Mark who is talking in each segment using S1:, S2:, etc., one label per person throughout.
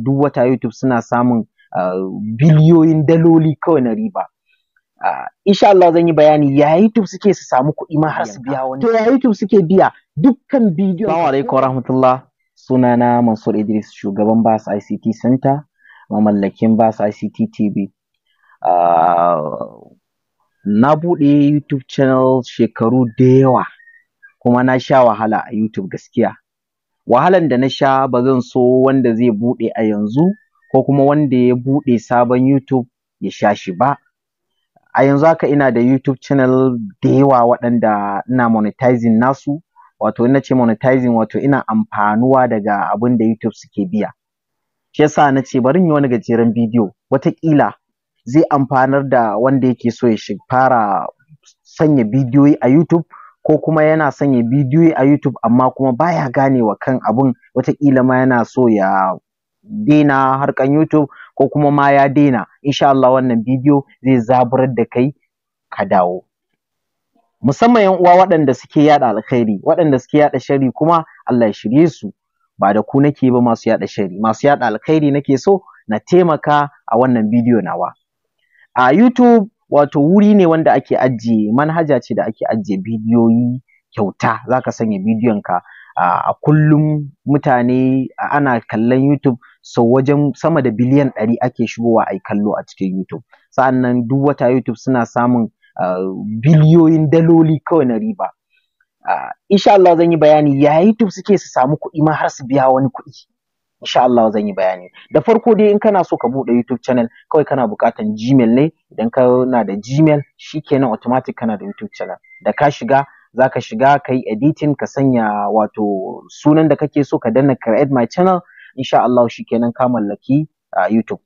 S1: duk wata YouTube suna samun ah, biliyoyin daloli kawai na riba. Ah, insha Allah zan yi bayani ya YouTube suke su samu kuɗi ma har su biya wani. To ya YouTube suke biya dukkan bidiyo. Assalamu alaikum rahmatullah. Sunana Mansur Idris shugaban Bas ICT Center mamallakin Bas ICT TV. Ah, na buɗe YouTube channel shekaru da yawa kuma na sha wahala a YouTube gaskiya. wahalan da na sha ba zan so wanda zai buɗe a yanzu ko kuma wanda ya buɗe sabon YouTube ya sha shi ba. A yanzu haka ina da YouTube channel da yawa waɗanda ina monetizing nasu, wato ina ce monetizing wato ina amfanuwa daga abin da YouTube suke biya. Shi yasa na ce bari in yi wani gajeren bidiyo, wataƙila zai amfanar da wanda yake so ya fara sanya bidiyoyi a YouTube ko kuma yana son ya bidiyo a YouTube amma kuma baya ganewa kan abun wataƙila ma yana so ya daina harkan YouTube ko kuma ma ya daina insha Allah wannan bidiyo zai zaburar da kai ka dawo musamman yan uwa waɗanda suke yaɗa alkhairi waɗanda suke yaɗa shari kuma Allah ya shirye su ba da ku nake ba masu yaɗa shari masu yaɗa alkhairi nake so na taimaka a wannan bidiyo nawa a YouTube wato wuri ne wanda ake ajiye manhaja ce da ake ajiye bidiyoyi kyauta za ka sanya bidiyonka a kullum mutane ana kallon YouTube sau wajen sama da biliyan ɗari ake shigowa a yi kallo a cikin YouTube sa'annan duk wata YouTube suna samun biliyoyin daloli kawai na riba insha Allah zan yi bayani ya YouTube suke su samu kuɗi ma har su biya wani kuɗi insha Allah zan yi bayani da farko dai in kana so ka buɗe YouTube channel kawai kana buƙatan Gmail ne idan kana da Gmail shikenan automatic kana da YouTube channel da ka shiga zaka shiga kai editin editing ka sanya wato sunan da kake so ka danna create my channel insha Allah shikenan ka mallaki uh, YouTube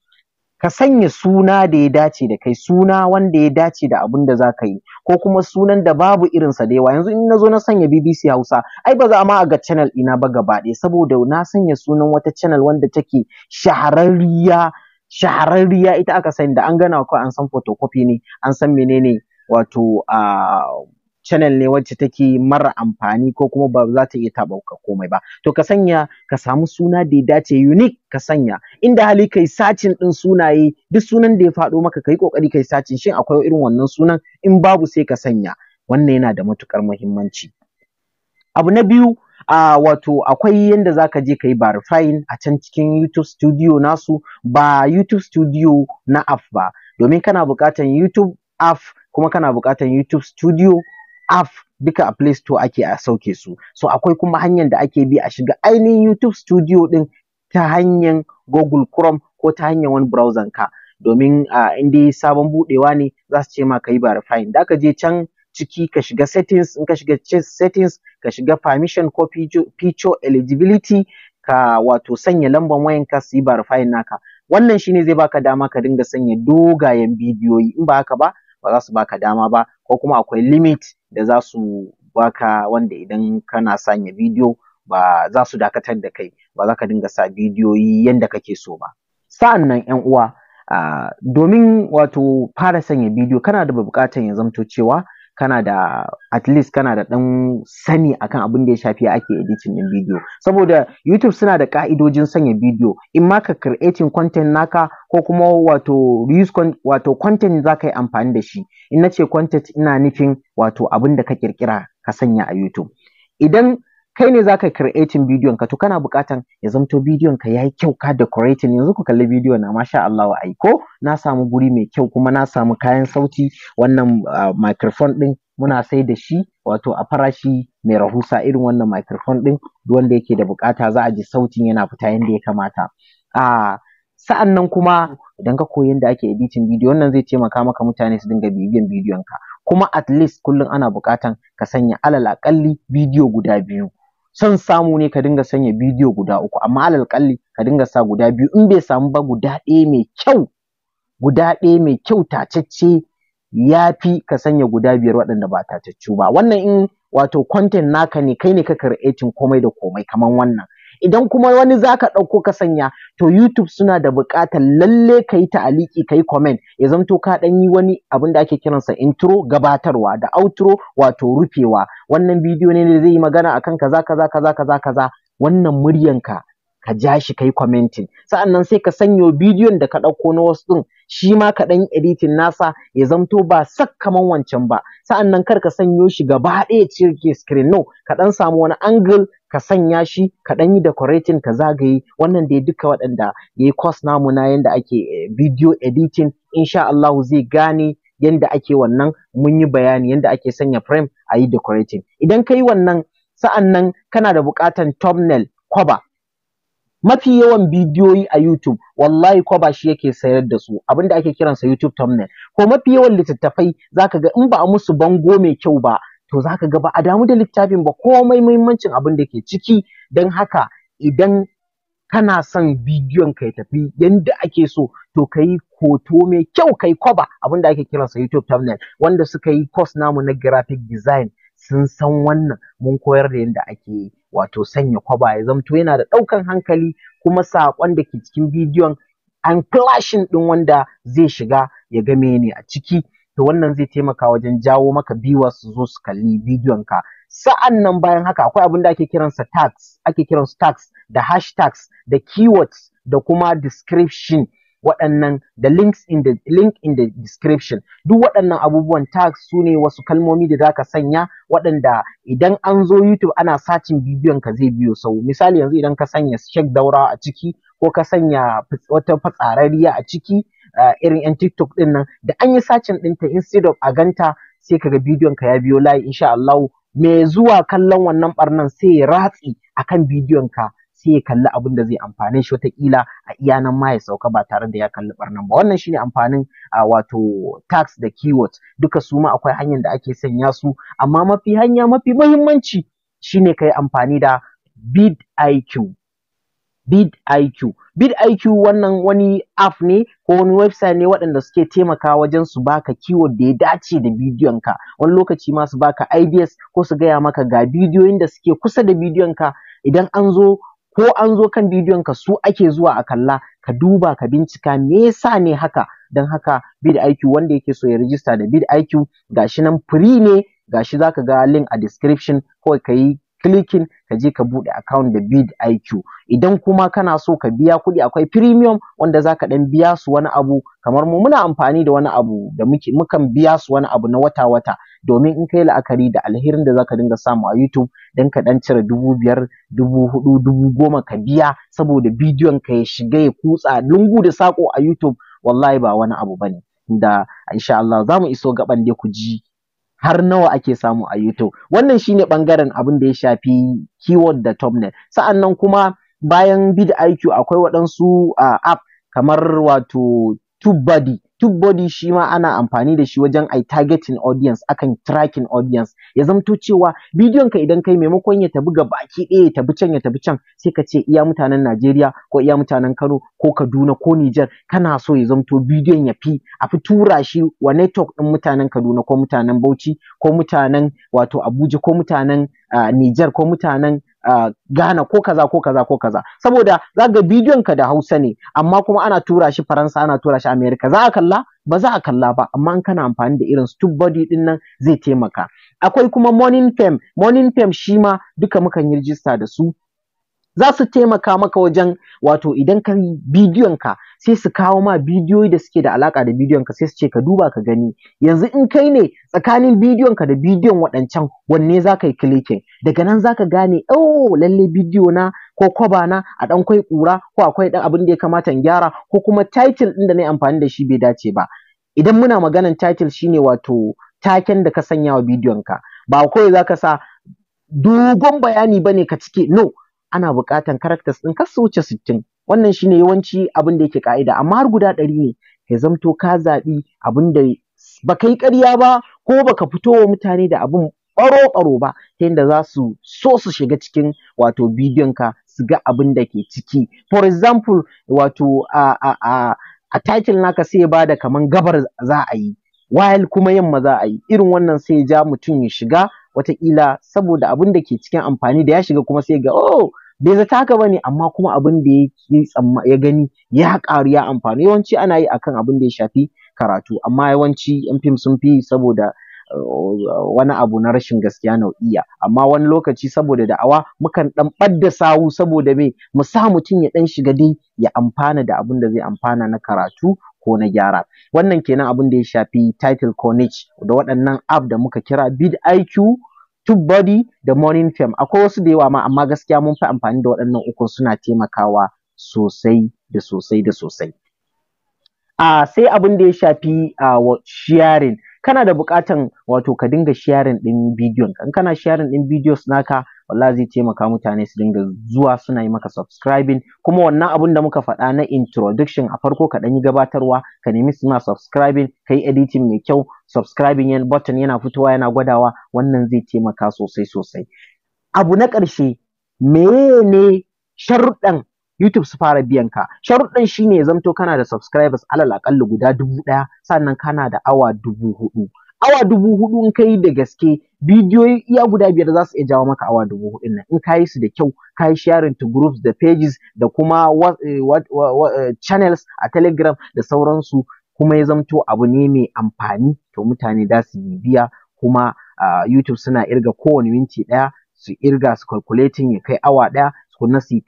S1: ka sanya suna da ya dace da kai suna wanda ya dace da abun da za ka yi ko kuma sunan da babu irinsa da yawa yanzu in na zo na sanya bbc hausa ai ba za ma a ga channel ina ba gaba ɗaya saboda na sanya sunan wata channel wanda take shahararriya shahararriya ita aka sani da an gana ko an san photocopy ne an san menene wato uh, channel ne wacce take mara amfani ko kuma ba za ta iya taɓa komai ba to ka sanya ka samu suna da ya dace unique ka sanya inda hali kai sacin ɗin sunaye duk sunan da ya faɗo maka ka yi ƙoƙari ka kai sacin shin akwai irin wannan sunan in babu sai ka sanya wannan yana da matukar muhimmanci abu na biyu a uh, wato akwai yadda za ka je ka yi verifying a can cikin YouTube studio nasu ba YouTube studio na app ba domin kana buƙatan YouTube app kuma kana buƙatan YouTube studio app duka a Play Store ake a sauke su. So akwai kuma hanyar da ake bi a shiga ainihin YouTube Studio ɗin ta hanyar Google Chrome ko ta hanyar wani browser ka. Domin uh, in dai sabon buɗewa ne za su ce ma ka yi verifying. Da ka je can ciki ka shiga settings in ka shiga settings ka shiga permission ko feature eligibility ka wato sanya lambar wayanka su yi verifying naka. Wannan shi ne zai baka dama ka dinga sanya dogayen bidiyoyi in ba haka ba ba za su baka dama ba ko kuma akwai limit da za su baka wanda idan kana sanya bidiyo ba za su dakatar da kai ba za ka dinga sa bidiyoyi yadda kake so ba sa'an nan yan uwa ah, domin wato fara sanya bidiyo kana da buƙatar ya zamto cewa kana da at least kana da ɗan sani akan abin da ya shafi ake editing din bidiyo saboda YouTube suna da ka'idojin sanya bidiyo in ma ka creating content naka ko kuma wato reuse wato content za ka yi amfani da shi in na ce content ina nufin wato abin da ka kirkira ka sanya a YouTube idan kai ne zaka creating bidiyon ka to kana buƙatan ya zamto bidiyon ka yayi kyau ka decorating yanzu ku kalli bidiyon na masha Allah wa ko na samu guri mai kyau kuma na samu kayan sauti wannan ah, microphone din muna sai da shi wato a farashi mai rahusa irin wannan microphone din wanda yake da bukata za a ji sautin yana fita yanda ya kamata a ah, sa'an nan kuma idan ka koyi yadda ake editing bidiyo wannan zai taimaka maka mutane su dinga bibiyan bidiyon ka kuma at least kullum ana bukatan ka sanya alal akalli bidiyo guda biyu son samu ne ka dinga sanya bidiyo guda uku amma alal ƙalli ka dinga sa guda biyu in bai samu ba guda ɗaya mai kyau guda ɗaya mai kyau tacacce ya fi ka sanya guda biyar waɗanda ba tataccu ba wannan in wato content naka ne kai ne ka creating komai da komai kaman wannan idan kuma wani zaka ɗauko ka sanya to YouTube suna da buƙatar lalle ka yi ta'aliki ka yi comment ya zamto ka ɗan yi wani abin da ake kiransa intro gabatarwa da outro wato rufewa wannan bidiyo ne da zai yi magana akan kaza kaza kaza kaza kaza wannan muryanka ka ja shi kai commenting sa'annan sai ka sanyo bidiyon da ka ɗauko na wasu ɗin shi ma ka ɗan editing nasa ya zamto ba sak kaman wancan ba sa'annan kar ka sanyo shi gaba ɗaya cikin screen no ka ɗan samu wani angle ka sanya shi ka ɗan yi decorating ka zagaye wannan dai duka waɗanda yayi course namu na yanda ake eh, video editing insha Allahu zai gane yanda ake wannan mun yi bayani yanda ake sanya frame ayi yi decorating idan ka yi wannan sa'annan kana da buƙatan thumbnail cover mafi yawan bidiyoyi a YouTube wallahi kwaba shi yake sayar da su abinda ake kiransa YouTube thumbnail ko mafi yawan littattafai zaka ga in ba a musu bango mai kyau ba to zaka ga ba a damu da littafin ba komai muhimmancin abin da ke ciki don haka idan kana son bidiyon ka ya tafi yanda ake so to ka yi hoto mai kyau kai kwaba abin da ake kiransa YouTube thumbnail wanda suka yi course namu na graphic design sun san wannan mun koyar da yadda ake wato sanya kwaba ya zamto yana da ɗaukan hankali kuma saƙon da ke cikin bidiyon an clashing ɗin wanda zai shiga ya ga mene a ciki to wannan zai taimaka wajen jawo maka biwa su zo su kalli bidiyon ka sa'an nan bayan haka akwai abin da ake kiransa tags ake kiransu tags da hashtags da keywords da kuma description waɗannan da links in the link in the description duk waɗannan abubuwan tags su ne wasu kalmomi da za ka sanya waɗanda idan an zo YouTube ana sacin bidiyon ka zai biyo sau misali yanzu idan ka sanya shek daura a ciki ko ka sanya wata fatsarariya a ciki eh, irin yan TikTok ɗin nan da an yi sacin ɗinta instead of a ganta sai kaga bidiyon ka ya biyo layi insha Allah mai zuwa kallon wannan barnan sai ya ratsi akan bidiyon ka sai ya kalli abin da zai amfane shi watakila a iya nan ma ya sauka ba tare da ya kalli barnan ba wannan shine amfanin a wato tax da keywords duka su ma akwai hanyar da ake sanya su amma mafi hanya mafi muhimmanci shine kai amfani da bid IQ bid IQ bid IQ wannan wani app ne ko wani website ne waɗanda suke taimaka wajen su baka keyword da ya dace da bidiyon ka wani lokaci ma su baka ideas ko su gaya maka ga bidiyoyin da suke kusa da bidiyon ka idan an zo ko an zo kan bidiyon ka su ake zuwa a kalla ka duba ka bincika me yasa ne haka don haka bid IQ wanda yake so ya rijista da bid IQ gashi nan free ne gashi zaka ga link a description kawai ka yi clicking ka je ka buɗe account da bid iq idan kuma kana so ka biya kuɗi akwai premium wanda zaka ɗan biya su wani abu kamar mu muna amfani da wani abu da muke mukan biya su wani abu na wata wata domin in kai la'akari da alherin da zaka dinga samu a YouTube dan ka ɗan cire dubu biyar dubu hudu dubu goma ka biya saboda bidiyon ka ya shiga ya kutsa lungu da sako a YouTube wallahi ba wani abu bane da insha Allah za mu iso gaban dai ku ji har nawa ake samu a YouTube. Wannan shine ɓangaren abin da ya shafi keyword da thumbnail. Sa'annan kuma bayan BidIQ akwai waɗansu uh, app kamar wato TubeBuddy body shi ma ana amfani da shi wajen ai targeting audience akan tracking audience ya zamto cewa bidiyon ka idan kai maimakon ya tafi gabaki ɗaya ya tafi can ya tafi can sai ka ce iya mutanen Najeriya ko iya mutanen Kano ko Kaduna ko Niger. kana so ya zamto bidiyon ya fi a fi tura shi wa network ɗin mutanen Kaduna ko mutanen Bauchi ko mutanen wato Abuja ko mutanen ah, Niger, ko mutanen Ghana ko kaza ko kaza ko kaza saboda za ga bidiyon ka da Hausa ne amma kuma ana tura shi Faransa ana tura shi Amerika za a kalla ba za a kalla ba amma in kana amfani da irin StubBuddy din nan zai taimaka akwai kuma Morning Fame Morning Fame shi ma duka mukan yi rijista da su za su taimaka maka wajen wato idan ka bidiyon ka sai su kawo ma bidiyoyi da suke da alaka da bidiyon ka sai su ce ka duba ka gani yanzu in kai ne tsakanin bidiyon ka da bidiyon waɗancan wanne za ka yi kilikin daga nan za ka gane oh lalle bidiyo na ko kwaba na a ɗan kwai ƙura ko akwai ɗan abin da ya kamata in gyara ko kuma title ɗin da na yi amfani da shi bai dace ba idan muna maganan title shine wato taken da ka sanya wa bidiyon ka ba kawai za ka sa dogon bayani bane ka cike no ana buƙatan characters ɗin kar su wuce sittin wannan shine yawanci abin da yake ƙa'ida amma har guda ɗari ne ya zamto ka zaɓi abin da ba yi ƙarya ba ko baka ka fito wa mutane da abin ɓaro-ɓaro ba ta yadda za su so su shiga cikin wato bidiyon ka su ga abin da ke ciki for example wato a a a a title naka sai ya bada kaman gabar za a yi while kuma yamma za a yi irin wannan sai ya ja mutum ya shiga wataƙila saboda abin da ke cikin amfani da ya shiga kuma sai ga oh bai zata haka ba ne, amma kuma abin da ya gani ya ƙaru ya amfani yawanci ana yi akan abin da ya shafi karatu amma yawanci yan fim sun fi saboda uh, wani abu na rashin gaskiya nau'iya amma wani lokaci saboda da'awa mukan dan ɓadda sawu saboda me mu sa mutum ya ɗan shiga dai ya amfana da abin da zai amfana na karatu ko na gyara wannan kenan abin da ya shafi title ko niche da waɗannan app da muka kira bid iq tube body da morning fame akwai wasu da yawa ma amma gaskiya mun fi amfani da waɗannan ukun suna taimakawa sosai da sosai da sosai. Uh, sai abin da ya shafi uh, sharing kana da buƙatan wato ka dinga sharing ɗin bidiyon in kana sharing ɗin bidiyos naka wallahi zai taimaka mutane su dinga zuwa suna yi maka subscribing kuma wannan abun da muka faɗa na introduction a farko ka yi gabatarwa ka nemi suna subscribing ka yi editing mai kyau subscribing yan button yana fitowa yana gwadawa wannan zai taimaka sosai sosai abu na ƙarshe mene sharuɗan YouTube su fara biyan ka. Sharuɗin shi ne ya zamto kana da subscribers alal akalla guda dubu ɗaya sannan kana da awa dubu hudu. Awa dubu hudu in kai da gaske bidiyoyi iya guda biyar za su iya jawo maka awa dubu hudu nan in kayi su da kyau kayi sharing to groups da pages da kuma eh, eh, channels a telegram da sauransu kuma ya zamto abu ne mai amfani to mutane za su biya, kuma ah, YouTube suna irga kowane minti ɗaya su irga su calculating ya kai awa ɗaya na su yi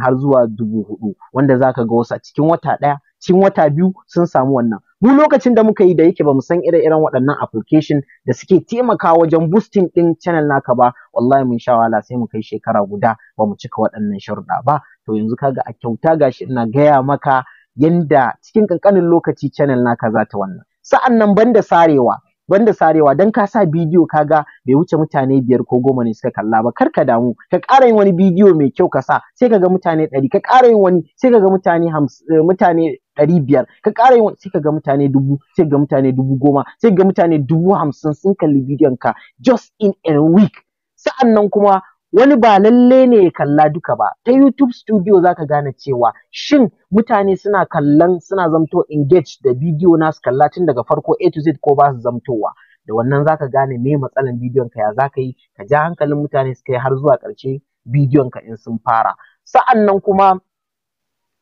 S1: har zuwa dubu hudu wanda zaka ga wasu a cikin wata ɗaya cikin wata biyu sun samu wannan mu lokacin da muka yi da yake bamu san ire-iren waɗannan application da suke taimakawa wajen boosting ɗin channel naka ba wallahi mun sha wahala sai mu kai shekara guda bamu cika waɗannan sharuɗa ba to yanzu kaga a kyauta gashi ina gaya maka yanda cikin ƙanƙanin lokaci channel naka za ta wannan sa'an nan banda sarewa banda sarewa dan ka sa bidiyo kaga bai wuce mutane biyar ko goma ne suka kalla ba kar ka damu ka ƙara yin wani bidiyo mai kyau ka sa sai kaga mutane ɗari ka ƙara yin wani sai kaga mutane eh, mutane ɗari biyar ka ƙara yin sai kaga mutane dubu sai ga mutane dubu goma sai ga mutane dubu hamsin sun kalli bidiyon ka just in a week sa'annan kuma wani ba lalle ne ya kalla duka ba ta YouTube studio za ka gane cewa shin mutane suna kallon suna zamto engage da bidiyo na su kalla tun daga farko A to Z ko ba su zamtowa da wannan za ka gane me matsalan bidiyon ka ya Za ka yi ka ja hankalin mutane su kai har zuwa ƙarshe bidiyon ka in sun fara sa'annan kuma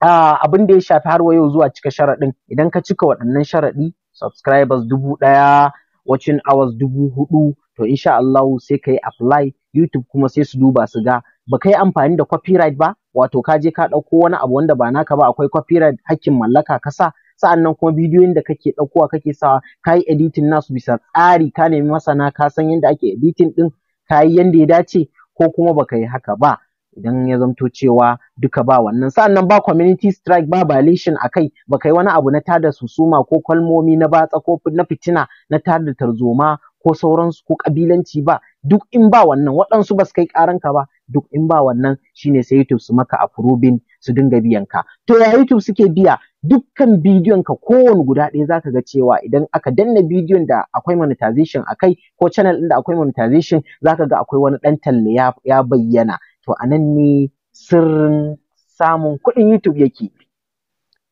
S1: abin da ya shafi har yau zuwa cika sharaɗin idan ka cika waɗannan sharaɗi subscribers dubu ɗaya watching hours dubu hudu to insha Allahu sai ka yi apply YouTube kuma sai su duba su ga ba ka yi amfani da copyright ba wato ka je ka ɗauko wani abu wanda ba naka ba akwai copyright hakkin mallaka ka sa sa'annan kuma bidiyoyin da kake ɗaukowa kake sawa ka yi editing nasu bisa tsari ka nemi masana ka san yadda ake editing ɗin ka yi yadda ya dace ko kuma baka yi haka ba idan ya zamto cewa duka ba wannan sa'annan ba community strike ba violation a kai ba kai wani abu na tada susuma ko kalmomi na batsa ko na fitina na tada tarzoma ko sauransu ko kabilanci ba duk in ba wannan waɗansu ba su kai ƙaranka ba duk in ba wannan shine sai YouTube su maka approving su dinga biyan ka to ya YouTube suke biya dukkan bidiyon ka kowane guda ɗaya zaka ga cewa idan aka danna bidiyon da akwai monetization akai ko channel ɗin da akwai monetization ka ga akwai wani ɗan talle ya bayyana to anan ne sirrin samun kuɗin YouTube yake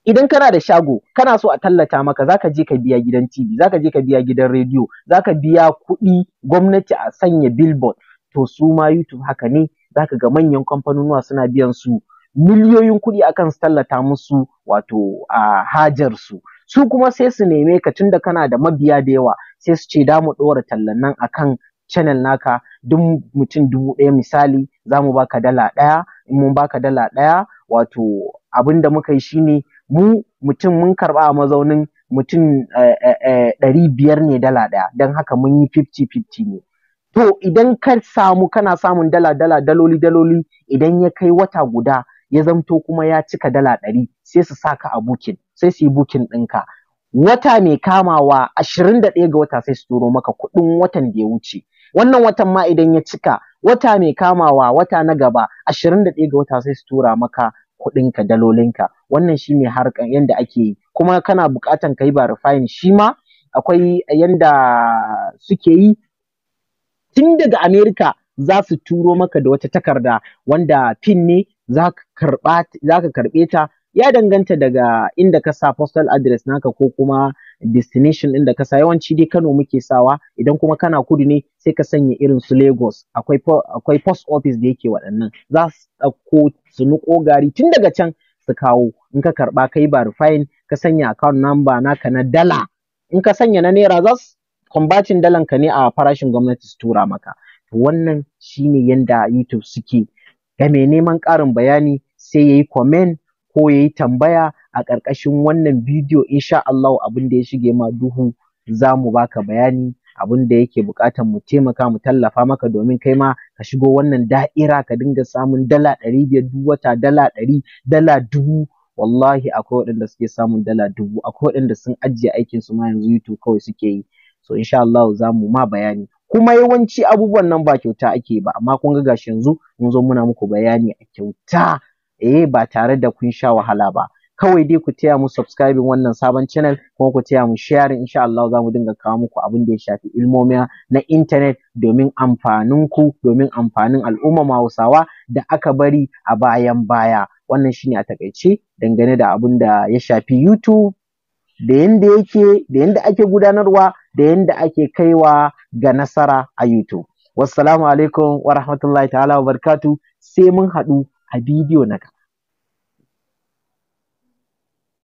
S1: idan kana da shago kana so a tallata maka zaka je ka biya gidan TV zaka je ka biya gidan rediyo zaka biya kuɗi gwamnati a sanya billboard to su ma YouTube haka ne zaka ga manyan kamfanonuwa suna biyan su miliyoyin kuɗi akan su tallata musu wato a hajar su su kuma sai su neme ka da kana da mabiya da yawa sai su ce da mu ɗora tallan nan akan channel naka duk mutum dubu ɗaya misali za mu baka dala ɗaya in mun baka dala ɗaya wato abin da muka yi shine mu mutum mun karɓa a mazaunin mutum eh, eh, eh, ɗari biyar ne dala ɗaya don haka mun yi fifti-fifti ne to idan ka samu kana samun dala dala daloli daloli idan ya kai wata guda ya zamto kuma ya cika dala ɗari sai su saka a bukin sai su yi bukin ɗinka wata mai kamawa ashirin da ɗaya ga wata sai su turo maka kuɗin watan da ya wuce wannan watan ma idan ya cika wata mai kamawa wata na gaba ashirin da ɗaya ga wata sai su tura maka kuɗinka dalolinka wannan shi ne harkan yanda ake yi kuma kana buƙatan ka yi verifying shi ma akwai yanda suke yi tun daga America za su turo maka da wata takarda wanda pin ne za ka karɓe ta ya danganta daga inda ka sa postal address naka ko kuma destination inda ka sa yawanci dai Kano muke sawa idan kuma kana kudu ne sai ka sanya irin su Lagos akwai akwai post office da yake waɗannan za su ɗauko su nuƙo gari tun daga can su kawo in ka karɓa kai ba refine ka sanya account number naka na dala in ka sanya na naira za su kwambacin dalan ka ne a farashin gwamnati su tura maka wannan shine yanda YouTube suke ga mai neman ƙarin bayani sai yayi comment ko ya yi tambaya a ƙarƙashin wannan bidiyo insha Allahu abin da ya shige ma duhu za mu baka bayani abin da yake buƙatan mu taimaka mu tallafa maka domin kai ma ka shigo wannan da'ira ka dinga samun dala ɗari biyar duk wata dala ɗari dala dubu wallahi akwai waɗanda suke samun dala dubu akwai waɗanda sun ajiye aikin su ma yanzu YouTube kawai suke yi so insha Allah za mu ma bayani kuma yawanci abubuwan nan ba kyauta ake ba amma kun ga gashi yanzu mun zo muna muku bayani a kyauta eh ba tare da kun sha wahala ba kawai dai ku taya mu subscribing wannan sabon channel kuma ku taya mu sharing insha Allah za mu dinga kawo muku abin da ya shafi ilmomiya na internet domin amfanin ku domin amfanin al'umma Hausawa da aka bari a bayan baya wannan shine a takaice dangane da abin da ya shafi YouTube da yanda yake da yanda ake gudanarwa da yanda ake kaiwa ga nasara a YouTube wassalamu alaikum wa rahmatullahi ta'ala wa barkatu sai mun haɗu a bidiyo na ga